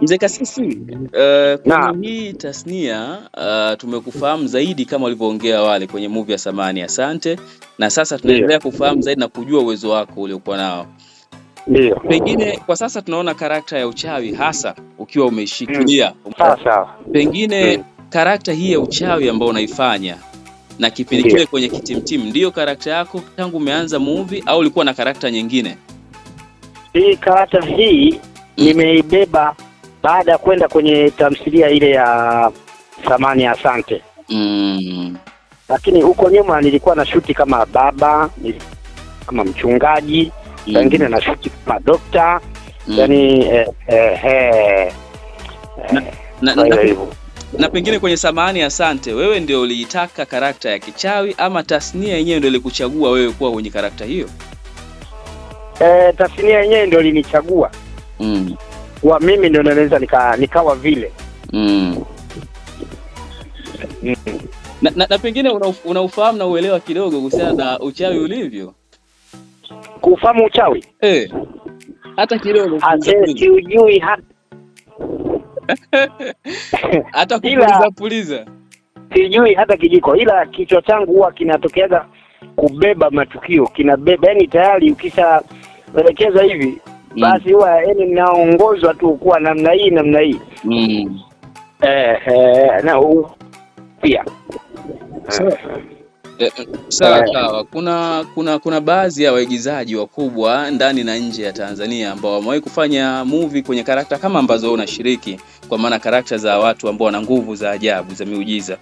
Mzee Kasisi, uh, eh, kwenye hii tasnia uh, tumekufahamu zaidi kama ulivyoongea wale kwenye movie ya Samani Asante, na sasa tunaendelea yeah. kufahamu zaidi na kujua uwezo wako uliokuwa nao. Ndio. Pengine kwa sasa tunaona karakta ya uchawi hasa ukiwa umeshikilia Mm. Ah, sasa pengine mm. karakta hii ya uchawi ambayo unaifanya na kipindi kile kwenye Kitimtim ndiyo karakta yako tangu umeanza movie au ulikuwa na karakta nyingine? Hii karakta hii mm. nimeibeba baada ya kwenda kwenye tamthilia ile ya Samani Asante. Mm. Lakini huko nyuma nilikuwa na shuti kama baba, kama mchungaji, wengine mm. na shuti kama dokta mm. yani eh, eh, eh, eh, na, eh, na, na, na, na pengine kwenye Samani Asante wewe ndio uliitaka karakta ya kichawi ama tasnia yenyewe ndio ilikuchagua wewe kuwa kwenye karakta hiyo? Eh, tasnia yenyewe ndio ilinichagua mm kwa mimi ndio naweza nika, nikawa vile mm. Mm. Na, na, na pengine unaufahamu una na uelewa kidogo kuhusiana na uchawi ulivyo kufahamu uchawi eh, hata kidogo sijui hata kupuliza puliza sijui hata kijiko, ila kichwa changu huwa kinatokeaga kubeba matukio, kinabeba yani tayari ukishaelekezwa hivi mm. Basi huwa yani mnaongozwa tu kuwa namna hii namna hii mm. eh, eh, na pia sawa eh. sawa Kuna kuna kuna baadhi ya waigizaji wakubwa ndani na nje ya Tanzania ambao wamewahi kufanya movie kwenye karakta kama ambazo unashiriki, kwa maana karakta za watu ambao wana nguvu za ajabu za miujiza,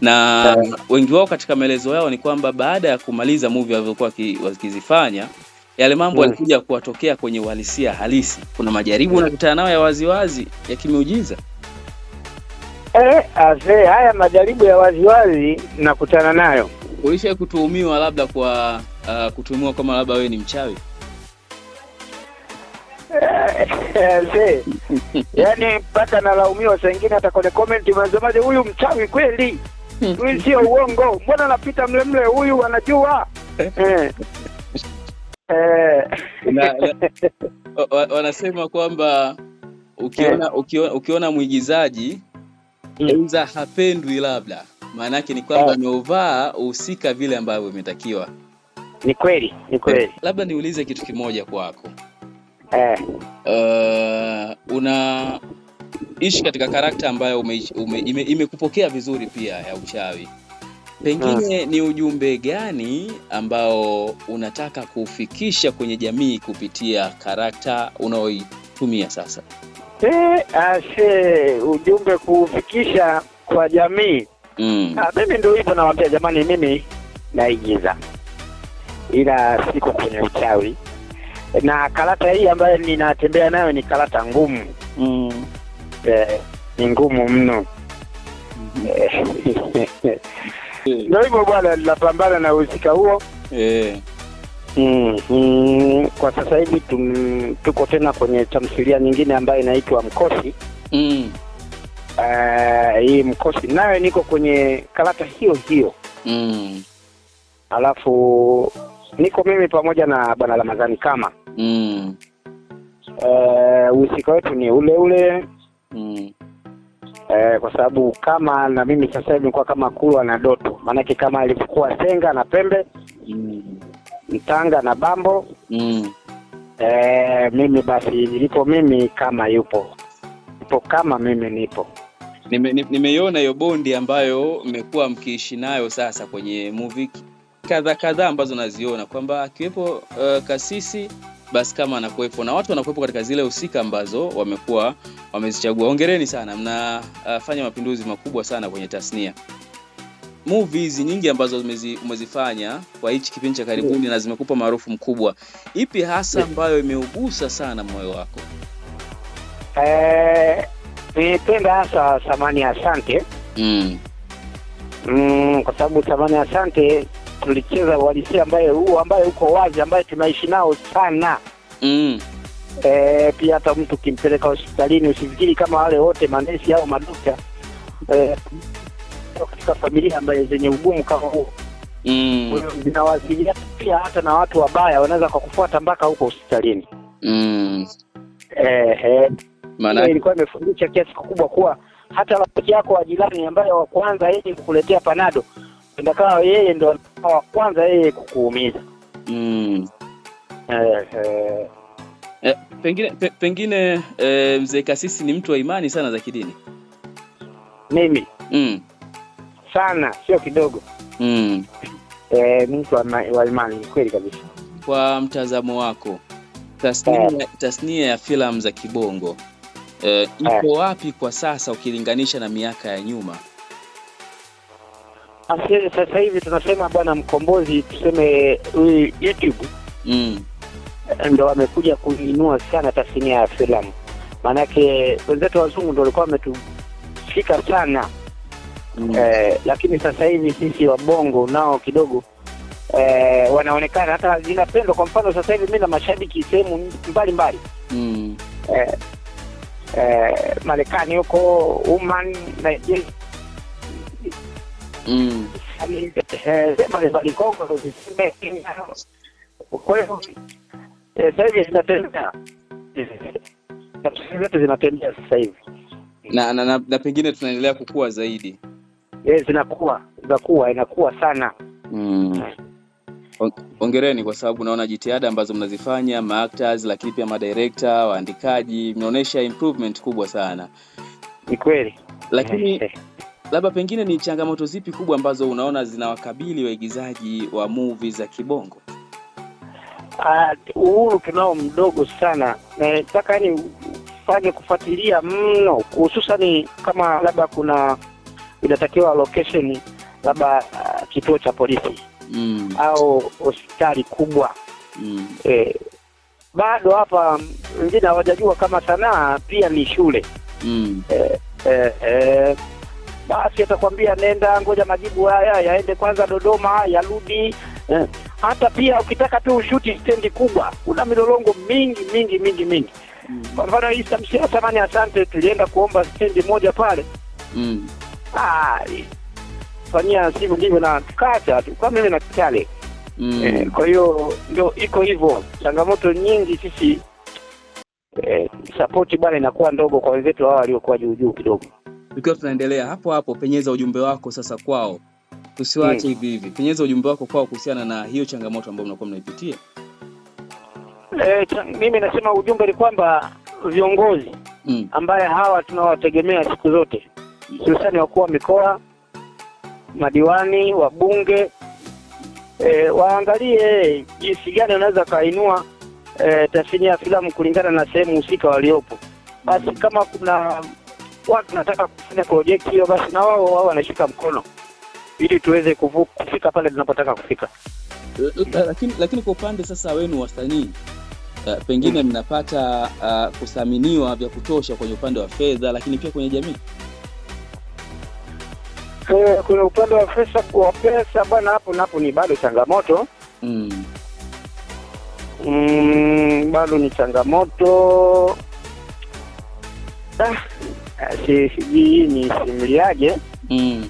na eh. wengi wao katika maelezo yao ni kwamba baada ya kumaliza movie walizokuwa wakizifanya yale mambo hmm. yalikuja mm. kuwatokea kwenye uhalisia halisi. Kuna majaribu hmm. unakutana nayo ya waziwazi ya kimeujiza Eh, aze haya majaribu ya waziwazi nakutana nayo. Ulisha kutuhumiwa labda kwa uh, kutuhumiwa kama labda wewe ni mchawi? Eh, ase, yaani mpaka nalaumiwa saa nyingine hata kwenye comment wanasemaje, huyu mchawi kweli, huyu sio uongo, mbona anapita mlemle, huyu anajua eh. Eh. na, na, wanasema kwamba ukiona eh. ukiona, ukiona mwigizaji mm. iza hapendwi, labda maana yake ni kwamba eh. ameuvaa uhusika vile ambavyo imetakiwa. Ni kweli, ni kweli. Labda niulize kitu kimoja kwako. Eh. Uh, unaishi katika karakta ambayo imekupokea ime, ime, imekupokea vizuri pia ya uchawi Pengine ah. ni ujumbe gani ambao unataka kufikisha kwenye jamii kupitia karakta unaoitumia sasa? E, ashe, ujumbe kuufikisha kwa jamii mm. ndo ah, mimi hivyo nawambia jamani, mimi naigiza ila siko kwenye uchawi, na karata hii ambayo ninatembea nayo ni karata ngumu mm. E, ni ngumu mno mm -hmm. Eh. ndio hivyo bwana, linapambana na uhusika huo eh. Mm, mm, kwa sasa hivi tuko tena kwenye tamthilia nyingine ambayo inaitwa Mkosi mm. Uh, hii Mkosi nayo niko kwenye karata hiyo hiyo mm. Alafu niko mimi pamoja na bwana Ramadhani kama mm. uh, wetu ni ule ule mm. Uh, kwa sababu kama na mimi sasa hivi kuwa kama Kulwa na Doto maanake kama ilivyokuwa Senga na Pembe mm. Mtanga na Bambo mm. E, mimi basi nilipo mimi kama yupo yupo kama mimi nipo nimeiona hiyo bondi ambayo mmekuwa mkiishi nayo sasa kwenye movie kadha kadhaa ambazo naziona kwamba akiwepo uh, kasisi basi kama anakuwepo na watu wanakuwepo katika zile husika ambazo wamekuwa wamezichagua. Hongereni sana, mnafanya eh, uh, mapinduzi makubwa sana kwenye tasnia movies nyingi ambazo umezifanya kwa hichi kipindi cha karibuni na zimekupa maarufu mkubwa, ipi hasa ambayo imeugusa sana moyo wako? Eh, hasa Samani Asante. Mm. Mm, kwa sababu Samani Asante tulicheza uhalisia ambaye huu ambaye uko wazi ambaye tunaishi nao sana. Mm. E, pia hata mtu ukimpeleka hospitalini usifikiri kama wale wote manesi au madokta e, eh, katika familia ambaye zenye ugumu kama huo mm. zinawasiliana pia hata na watu wabaya wanaweza kukufuata mpaka huko hospitalini mm. eh, eh. Maana ilikuwa imefundisha kiasi kikubwa kuwa hata rafiki yako wa jirani ambaye wa kwanza yeye kukuletea panado ndakawa yeye ndo wa kwanza yeye kukuumiza mm. eh, eh. Eh, pengine pe, pengine eh, mzee kasisi ni mtu wa imani sana za kidini mimi mm sana, sio kidogo mm. E, mtu wa imani ni kweli kabisa. Kwa mtazamo wako tasnia, yeah. ya filamu za kibongo e, eh, iko yeah. wapi kwa sasa ukilinganisha na miaka ya nyuma? Sasa hivi tunasema bwana mkombozi, tuseme YouTube mm. ndo wamekuja kuinua sana tasnia ya filamu, maanake wenzetu wazungu ndo walikuwa wametushika sana mm. eh, lakini sasa hivi sisi wabongo nao kidogo eh, wanaonekana hata zinapendwa. Kwa mfano sasa hivi mimi na mashabiki sehemu mbalimbali mm. eh, eh, Marekani huko, uman Nigeria zinatembea zinatembea sasa hivi na, na, na, na pengine tunaendelea kukua zaidi eh, zinakuwa zinakuwa inakuwa sana mm. Ongereni kwa sababu naona jitihada ambazo mnazifanya maactors, lakini pia madirekta, waandikaji, mnaonyesha improvement kubwa sana. Ni kweli, lakini labda pengine ni changamoto zipi kubwa ambazo unaona zinawakabili waigizaji wa movie za kibongo? Uh, uhuru tunao mdogo sana eh, nataka eh, yani fanye kufuatilia mno, hususani kama labda kuna inatakiwa location labda uh, kituo cha polisi mm. au hospitali kubwa mm. e, bado hapa mm, wengine hawajajua kama sanaa pia ni shule mm. e, e, e, basi atakwambia nenda, ngoja majibu haya yaende kwanza Dodoma, yarudi e, Hata pia ukitaka tu ushuti stendi kubwa, kuna milolongo mingi mingi mingi mingi mm. Kwa mfano hii samsia, samani asante, tulienda kuomba stendi moja pale mm hatari fanyia simu ndivyo na tukata tu kama mimi na kitale mm. eh, kwa hiyo ndio iko hivyo changamoto nyingi sisi eh, sapoti bana inakuwa ndogo kwa wenzetu hawa waliokuwa juu juu kidogo tukiwa tunaendelea hapo hapo penyeza ujumbe wako sasa kwao tusiwache mm. hivi mm. hivi penyeza ujumbe wako kwao kuhusiana na hiyo changamoto ambayo mnakuwa mnaipitia eh, e, mimi nasema ujumbe ni kwamba viongozi mm. ambaye hawa tunawategemea siku zote hususani wakuu wa mikoa, madiwani, wabunge e, waangalie jinsi gani wanaweza kainua e, tasnia ya filamu kulingana na sehemu husika waliopo. Basi kama kuna watu nataka kufanya project hiyo, basi na wao wao wanashika mkono ili tuweze kufika pale tunapotaka kufika. Eh, lakini lakini kwa upande sasa wenu wasanii Uh, pengine mm. mnapata uh, kuthaminiwa vya kutosha kwenye upande wa fedha, lakini pia kwenye jamii eh, kuna upande wa pesa kwa pesa bwana, hapo napo ni bado changamoto mm. Mm, bado ni changamoto ah, sijui hii ni simuliaje mm.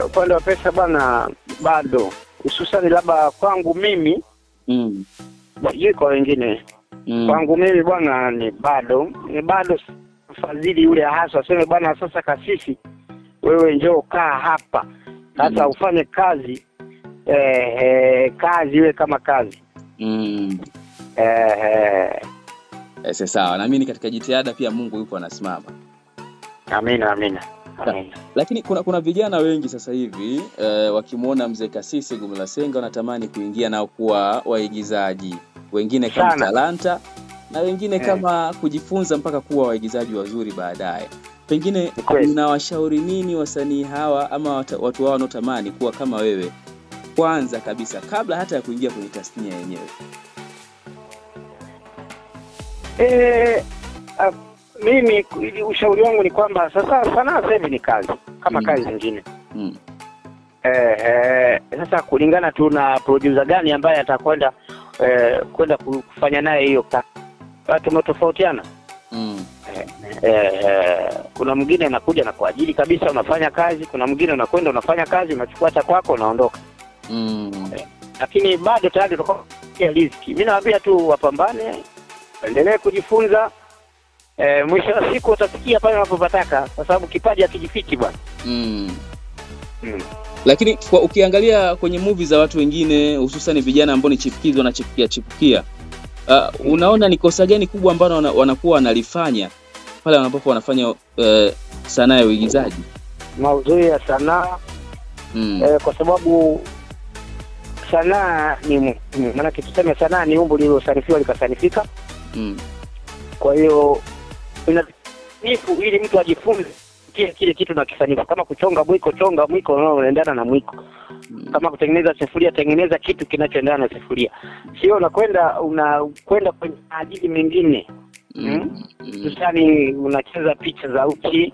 Uh, upande wa pesa bwana, bado hususani labda kwangu mimi mm. kwa wengine mm. kwangu mimi bwana, ni bado ni bado fadhili yule hasa aseme bwana, sasa kasisi wewe njoo kaa hapa sasa mm. ufanye kazi eh, eh, kazi iwe kama kazi mm. eh, eh. Ese, sawa naamini katika jitihada pia mungu yupo anasimama amina amina Ta, Lakini kuna kuna vijana wengi sasa hivi e, wakimwona mzee Kasisi gumlasenga wanatamani kuingia nao kuwa waigizaji, wengine kama Sana. talanta na wengine eh. kama kujifunza mpaka kuwa waigizaji wazuri baadaye. Pengine unawashauri nini wasanii hawa ama watu hawa wanaotamani kuwa kama wewe, kwanza kabisa kabla hata ya kuingia kwenye tasnia yenyewe? E, mimi ushauri wangu ni kwamba sasa sanaa sahivi ni kazi kama mm. kazi zingine mm. eh, eh sasa kulingana tu na produsa gani ambaye atakwenda eh, kwenda kufanya naye hiyo kazi, tumetofautiana Eh, eh, kuna mwingine anakuja na kwa ajili kabisa, unafanya kazi. Kuna mwingine unakwenda unafanya kazi, unachukua cha kwako, unaondoka mm. eh, lakini bado tayari riski Mimi naambia tu wapambane, endelee kujifunza E, mwisho wa siku utafikia pale unapopataka kwa sababu kipaji hakijifiki bwana. Mm. Mm. Lakini kwa ukiangalia kwenye movie za watu wengine hususan vijana ambao ni chipukizi wanachipukia chipukia, uh, unaona ni kosa gani kubwa ambalo wanakuwa wanalifanya pale wanapokuwa wanafanya uh, sanaa ya uigizaji, maudhui ya sanaa mm. eh, kwa sababu sanaa ni muhimu, maanake tuseme sanaa ni umbo lililosanifiwa likasanifika mm. kwa hiyo inasanifu ili mtu ajifunze kile kile kitu na kisanifu, kama kuchonga mwiko, chonga mwiko nao unaendana na mwiko mm. kama kutengeneza sufuria, tengeneza kitu kinachoendana na sufuria, sio unakwenda unakwenda kwenye maajili mengine hususani hmm? mm. Hmm. unacheza picha za uchi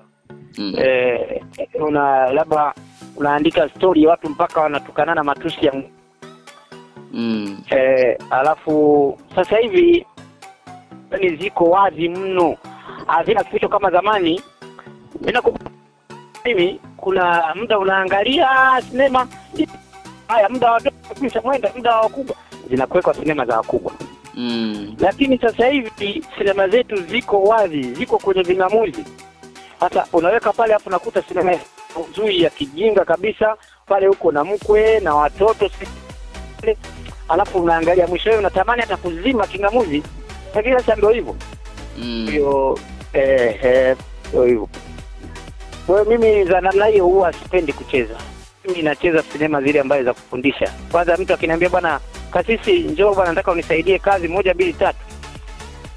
mm. eh, una labda unaandika story watu mpaka wanatukanana matusi ya mm. eh, alafu sasa hivi ni ziko wazi mno, hazina kificho kama zamani. Mimi kuna muda unaangalia sinema haya, muda wadogo kisha mwenda, muda wa wakubwa zinakuwekwa sinema za wakubwa mm. Lakini sasa hivi sinema zetu ziko wazi, ziko kwenye ving'amuzi. Hata unaweka pale hapo nakuta sinema nzuri ya kijinga kabisa pale, huko na mkwe na watoto sile, alafu unaangalia mwisho unatamani hata kuzima king'amuzi, lakini sasa ndio hivyo hiyo mm. eh, eh, hivyo. Kwa hiyo mimi za namna hiyo huwa sipendi kucheza. Mimi nacheza sinema zile ambazo za kufundisha. Kwanza mtu akiniambia bwana kasisi, njoo bwana, nataka unisaidie kazi moja mbili tatu.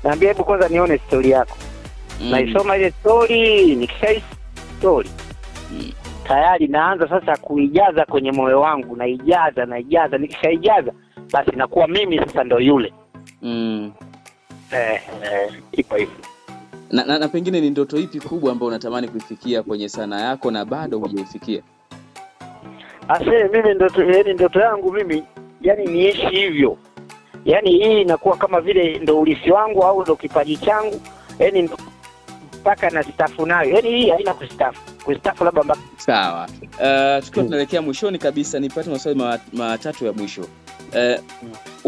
Naambia hebu kwanza nione stori yako. Mm. Naisoma ile stori, nikishai stori mm. tayari naanza sasa kuijaza kwenye moyo wangu, naijaza naijaza, nikishaijaza basi nakuwa mimi sasa ndo yule mm. Eh, eh, ipo hivyo na, na, na pengine ni ndoto ipi kubwa ambayo unatamani kuifikia kwenye sanaa yako na bado hujaifikia? Ase, mimi ndoto, yaani ndoto yangu mimi yani niishi hivyo, yani hii inakuwa kama vile ndo ulisi wangu au ndo kipaji changu, yani mpaka na stafu nayo, yani hii haina kustafu kustafu labda mba... Sawa. Uh, tukiwa mm. tunaelekea mwishoni kabisa, nipate maswali matatu ya mwisho. Uh,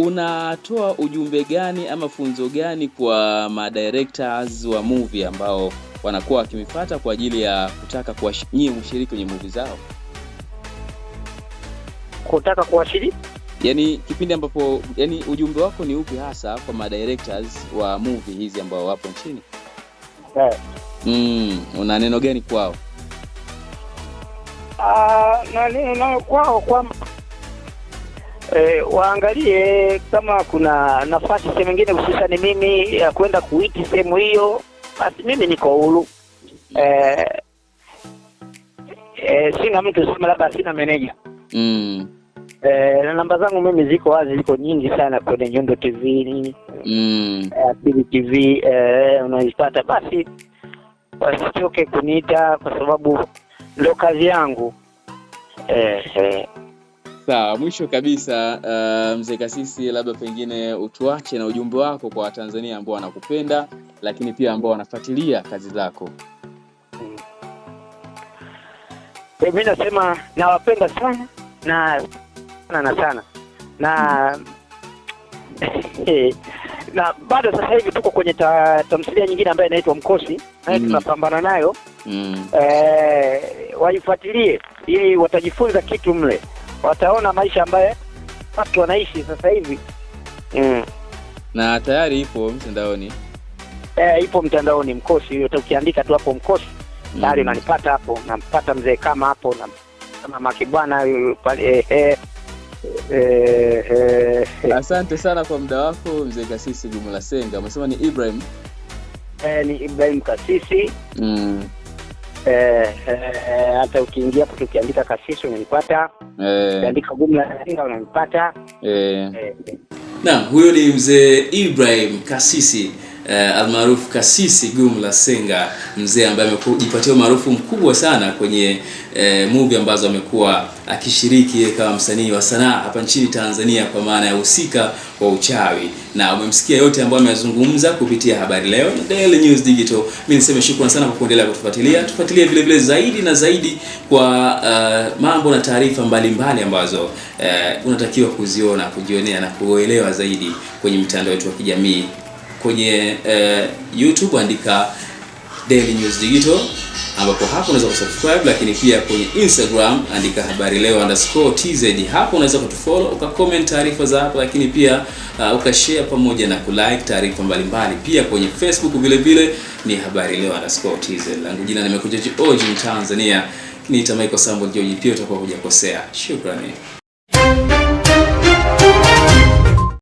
unatoa ujumbe gani ama funzo gani kwa madirectors wa movie ambao wanakuwa wakimifata kwa ajili ya kutaka kuwa nyie mshiriki kwenye movie zao? Kutaka kuwashiriki yani kipindi ambapo yani ujumbe wako ni upi hasa kwa madirectors wa movie hizi ambao wapo nchini yeah. mm, una neno gani kwao uh, na neno nayo kwao kwamba E, eh, waangalie kama kuna nafasi sehemu ingine hususani mimi ya kwenda kuiki sehemu hiyo, basi mimi niko hulu e, eh, e, eh, sina mtu sema labda sina meneja mm. Eh, na namba zangu mimi ziko wazi, ziko nyingi sana kwenye Nyundo TV nini mm. Eh, TV eh, unaipata. Basi wasichoke kuniita kwa sababu ndo kazi yangu e, Sawa, mwisho kabisa uh, mzee Kasisi, labda pengine utuache na ujumbe wako kwa Watanzania ambao wanakupenda lakini pia ambao wanafuatilia kazi zako. mi nasema nawapenda sana na sana sana na na bado sasa hivi tuko kwenye ta, tamthilia nyingine ambayo inaitwa Mkosi nayo mm. tunapambana nayo mm. Eh, waifuatilie ili watajifunza kitu mle, wataona maisha ambayo watu wanaishi sasa hivi mm. na tayari ipo mtandaoni e, ipo mtandaoni Mkosi, ukiandika tu hapo Mkosi mm. tayari mm. unanipata hapo, nampata mzee kama hapo na kama Makibwana eh, eh, Eh, eh, eh. Asante sana kwa muda wako mzee Kasisi Jumla Senga. Umesema ni Ibrahim? Eh, ni Ibrahim Kasisi. Mm. Eh, eh, eh hata ukiingia hapo ukiandika Kasisi unanipata. ukiandika Eh. Ukiandika Jumla Senga unanipata. Eh. eh. Na huyo ni mzee Ibrahim Kasisi eh, almaarufu Kasisi Gumla Senga, mzee ambaye amejipatia umaarufu mkubwa sana kwenye eh, movie ambazo amekuwa akishiriki kama msanii wa sanaa hapa nchini Tanzania, kwa maana ya husika wa uchawi, na umemsikia yote ambayo amezungumza kupitia Habari Leo na Daily News Digital. Mimi niseme shukrani sana kwa kuendelea kutufuatilia, tufuatilie vile vile zaidi na zaidi kwa uh, mambo na taarifa mbalimbali ambazo uh, unatakiwa kuziona, kujionea na kuelewa zaidi kwenye mitandao yetu ya kijamii kwenye eh, YouTube andika Daily News Digital ambapo hapo unaweza kusubscribe, lakini pia kwenye Instagram andika habari leo underscore tz. Hapo unaweza kutufollow ukacomment taarifa za hapo, lakini pia uh, ukashare pamoja na kulike taarifa mbalimbali. Pia kwenye Facebook vile vile ni habari leo underscore tz. Langu jina nimekuja George Tanzania, niita Michael Sambo George, pia utakuwa hujakosea. Shukrani.